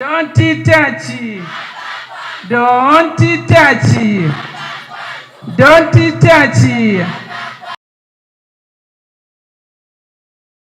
Don't touch. Don't touch. Don't touch.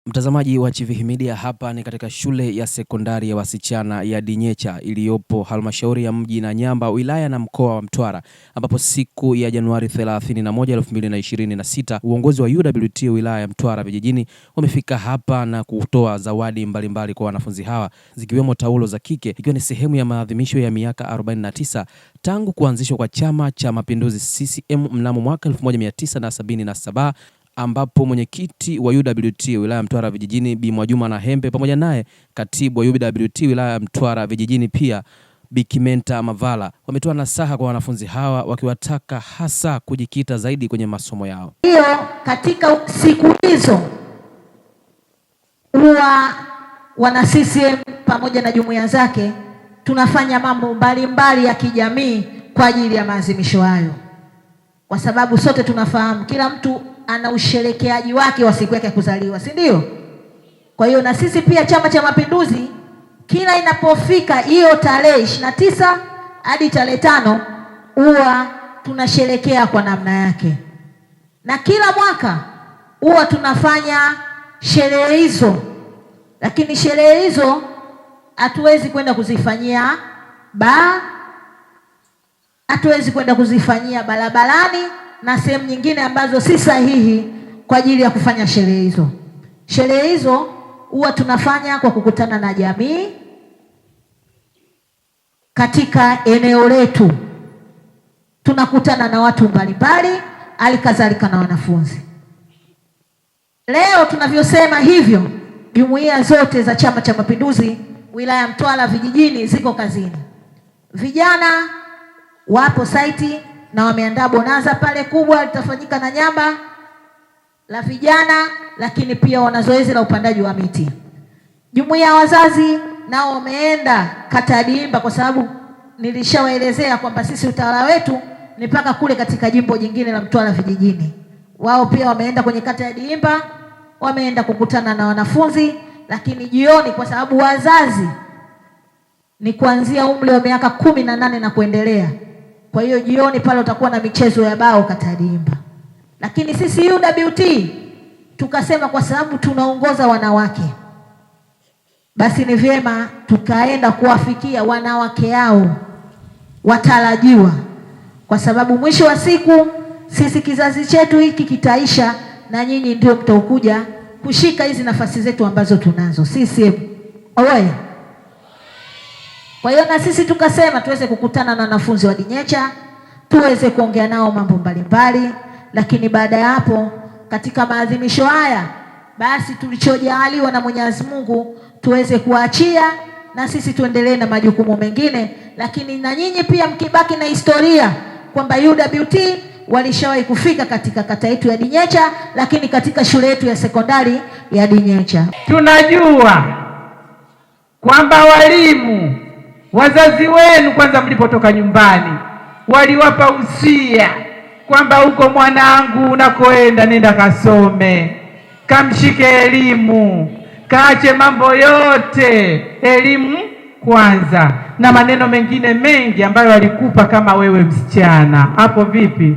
Mtazamaji wa Chivihi Media, hapa ni katika shule ya sekondari ya wasichana ya Dinyecha iliyopo halmashauri ya mji Nanyamba, wilaya na mkoa wa Mtwara, ambapo siku ya Januari 31, 2026 uongozi wa UWT wilaya ya Mtwara vijijini wamefika hapa na kutoa zawadi mbalimbali mbali kwa wanafunzi hawa zikiwemo taulo za kike, ikiwa ni sehemu ya maadhimisho ya miaka 49 tangu kuanzishwa kwa Chama cha Mapinduzi CCM mnamo mwaka 1977 ambapo mwenyekiti wa UWT wilaya ya Mtwara vijijini Bi Mwajuma Nahembe pamoja naye katibu wa UWT wilaya ya Mtwara vijijini pia Bi Kimenta Mavala wametoa nasaha kwa wanafunzi hawa wakiwataka hasa kujikita zaidi kwenye masomo yao. Hiyo katika siku hizo huwa wana CCM pamoja na jumuiya zake tunafanya mambo mbalimbali ya kijamii kwa ajili ya maadhimisho hayo, kwa sababu sote tunafahamu kila mtu ana usherekeaji wake wa siku yake ya kuzaliwa, si ndio? Kwa hiyo na sisi pia Chama cha Mapinduzi kila inapofika hiyo tarehe ishirini na tisa hadi tarehe tano huwa tunasherekea kwa namna yake, na kila mwaka huwa tunafanya sherehe hizo, lakini sherehe hizo hatuwezi kwenda kuzifanyia ba hatuwezi kwenda kuzifanyia barabarani na sehemu nyingine ambazo si sahihi kwa ajili ya kufanya sherehe hizo. Sherehe hizo huwa tunafanya kwa kukutana na jamii katika eneo letu, tunakutana na watu mbalimbali, alikadhalika na wanafunzi. Leo tunavyosema hivyo, jumuiya zote za Chama cha Mapinduzi wilaya ya Mtwara vijijini ziko kazini, vijana wapo saiti na wameandaa bonanza pale kubwa, litafanyika na nyama la vijana, lakini pia wana zoezi la upandaji wa miti. Jumuiya ya wazazi nao wameenda kata ya Diimba, kwa sababu nilishawaelezea kwamba sisi utawala wetu ni mpaka kule katika jimbo jingine la Mtwara vijijini. Wao pia wameenda kwenye kata ya Diimba, wameenda kukutana na wanafunzi, lakini jioni, kwa sababu wazazi ni kuanzia umri wa miaka kumi na nane na kuendelea kwa hiyo jioni pale utakuwa na michezo ya bao katadimba Lakini sisi UWT tukasema kwa sababu tunaongoza wanawake, basi ni vyema tukaenda kuwafikia wanawake hao watarajiwa, kwa sababu mwisho wa siku sisi kizazi chetu hiki kitaisha, na nyinyi ndio mtaokuja kushika hizi nafasi zetu ambazo tunazo. CCM oye! Kwa hiyo na sisi tukasema tuweze kukutana na wanafunzi wa Dinyecha, tuweze kuongea nao mambo mbalimbali, lakini baada ya hapo katika maadhimisho haya basi tulichojaaliwa na Mwenyezi Mungu tuweze kuachia na sisi tuendelee na majukumu mengine, lakini na nyinyi pia mkibaki na historia kwamba UWT walishawahi kufika katika kata yetu ya Dinyecha, lakini katika shule yetu ya sekondari ya Dinyecha tunajua kwamba walimu Wazazi wenu kwanza, mlipotoka nyumbani, waliwapa usia kwamba huko mwanangu unakoenda, nenda kasome, kamshike elimu, kaache mambo yote, elimu kwanza, na maneno mengine mengi ambayo walikupa kama wewe msichana. Hapo vipi?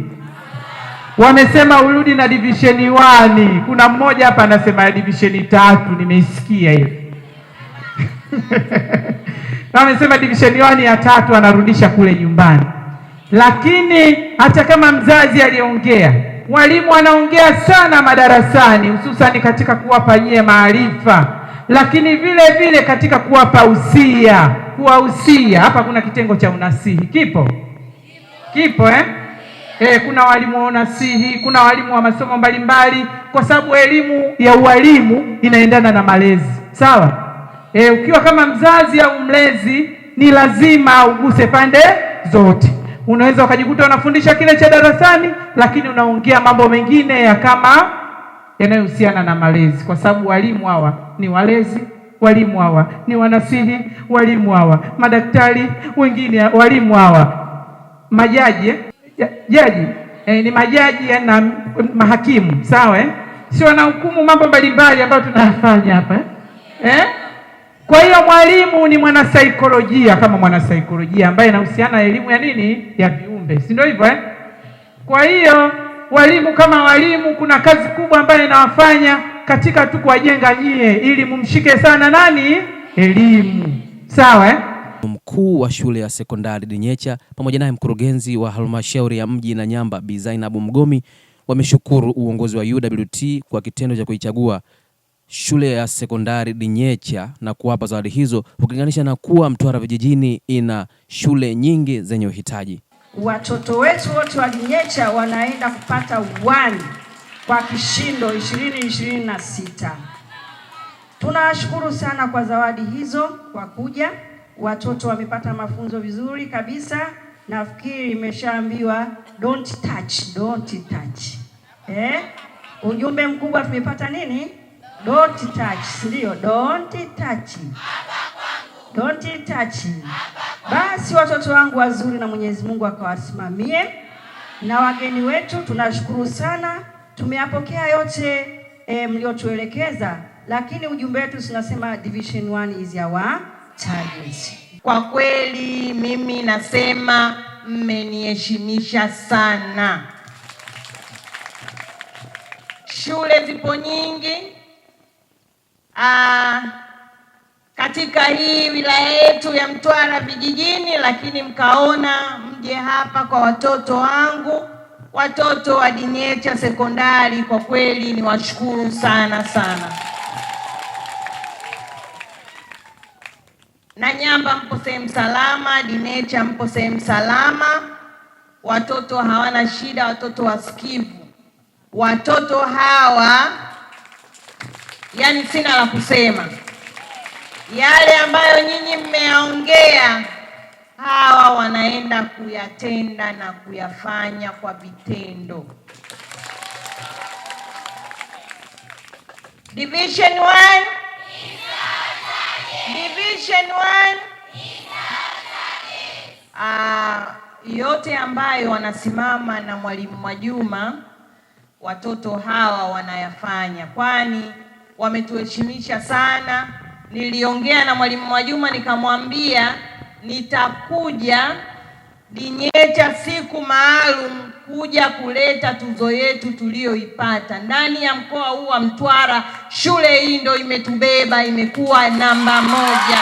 Wamesema urudi na divisheni wani. Kuna mmoja hapa anasema divisheni tatu, nimeisikia hiyo na wamesema divisheni wani ya tatu anarudisha kule nyumbani. Lakini hata kama mzazi aliongea, walimu anaongea sana madarasani, hususani katika kuwapa nyie maarifa, lakini vile vile katika kuwapa usia, kuwahusia. Hapa kuna kitengo cha unasihi kipo kipo eh? Eh, kuna walimu wa unasihi, kuna walimu wa masomo mbalimbali, kwa sababu elimu ya ualimu inaendana na malezi. Sawa. E, ukiwa kama mzazi au mlezi ni lazima uguse pande zote. Unaweza ukajikuta unafundisha kile cha darasani, lakini unaongea mambo mengine ya kama yanayohusiana na malezi, kwa sababu walimu hawa ni walezi, walimu hawa ni wanasihi, walimu hawa madaktari, wengine walimu hawa majaji, jaji eh, ni majaji na mahakimu, sawa eh? Si wanahukumu mambo mbalimbali ambayo tunayafanya hapa eh? Eh? Kwa hiyo mwalimu ni mwanasaikolojia, kama mwanasaikolojia ambaye inahusiana elimu ya nini, ya viumbe, si ndio hivyo eh? Kwa hiyo walimu kama walimu, kuna kazi kubwa ambayo inawafanya katika tu kuwajenga nyie, ili mumshike sana nani, elimu, sawa eh? Mkuu wa shule ya sekondari Dinyecha pamoja naye mkurugenzi wa halmashauri ya mji Nanyamba Bi Zainabu Mgomi wameshukuru uongozi wa UWT kwa kitendo cha kuichagua shule ya sekondari Dinyecha na kuwapa zawadi hizo ukilinganisha na kuwa Mtwara vijijini ina shule nyingi zenye uhitaji. Watoto wetu wote wa Dinyecha wanaenda kupata wani kwa kishindo 2026. Tunawashukuru sana kwa zawadi hizo kwa kuja. Watoto wamepata mafunzo vizuri kabisa. Nafikiri imeshaambiwa don't touch, don't touch. Eh? Ujumbe mkubwa tumepata nini? Don't touch, sindio? Don't touch. Don't touch. Basi watoto wangu wazuri, na Mwenyezi Mungu akawasimamie na wageni wetu. Tunashukuru sana, tumeyapokea yote e, mliotuelekeza, lakini ujumbe wetu tunasema division one is our target. Kwa kweli mimi nasema mmeniheshimisha sana. Shule zipo nyingi aa, ah, katika hii wilaya yetu ya Mtwara vijijini, lakini mkaona mje hapa kwa watoto wangu, watoto wa ya Sekondari. Kwa kweli ni washukuru sana sana, na Nyamba mpo sehemu salama, Dinecha mpo sehemu salama. Watoto hawana shida, watoto wasikivu, watoto hawa yaani sina la kusema. Yale ambayo nyinyi mmeyaongea, hawa wanaenda kuyatenda na kuyafanya kwa vitendo. Division 1, Division 1. Uh, ah, yote ambayo wanasimama na Mwalimu Mwajuma watoto hawa wanayafanya kwani wametuheshimisha sana. Niliongea na mwalimu Mwajuma nikamwambia nitakuja Dinyecha siku maalum kuja kuleta tuzo yetu tuliyoipata ndani ya mkoa huu wa Mtwara. Shule hii ndio imetubeba, imekuwa namba moja.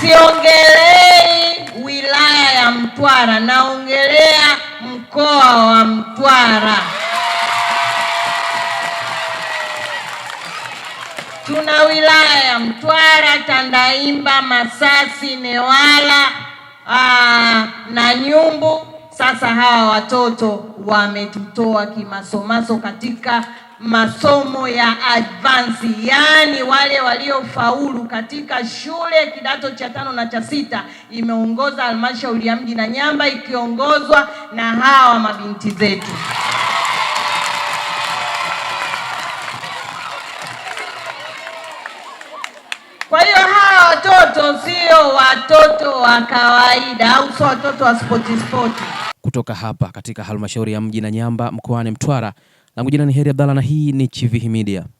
Siongelei wilaya ya Mtwara, naongelea mkoa wa Mtwara. Tuna wilaya ya Mtwara, Tandaimba, Masasi, Newala aa, na Nyumbu. Sasa hawa watoto wametutoa kimasomaso katika masomo ya advance, yaani wale waliofaulu katika shule kidato cha tano na cha sita, imeongoza halmashauri ya mji Nanyamba ikiongozwa na hawa mabinti zetu. Kwa hiyo hawa watoto sio watoto wa kawaida au sio watoto wa spoti spoti. Kutoka hapa katika halmashauri ya mji Nanyamba mkoani Mtwara langu jina ni Heri Abdalla na hii ni Chivihi Media.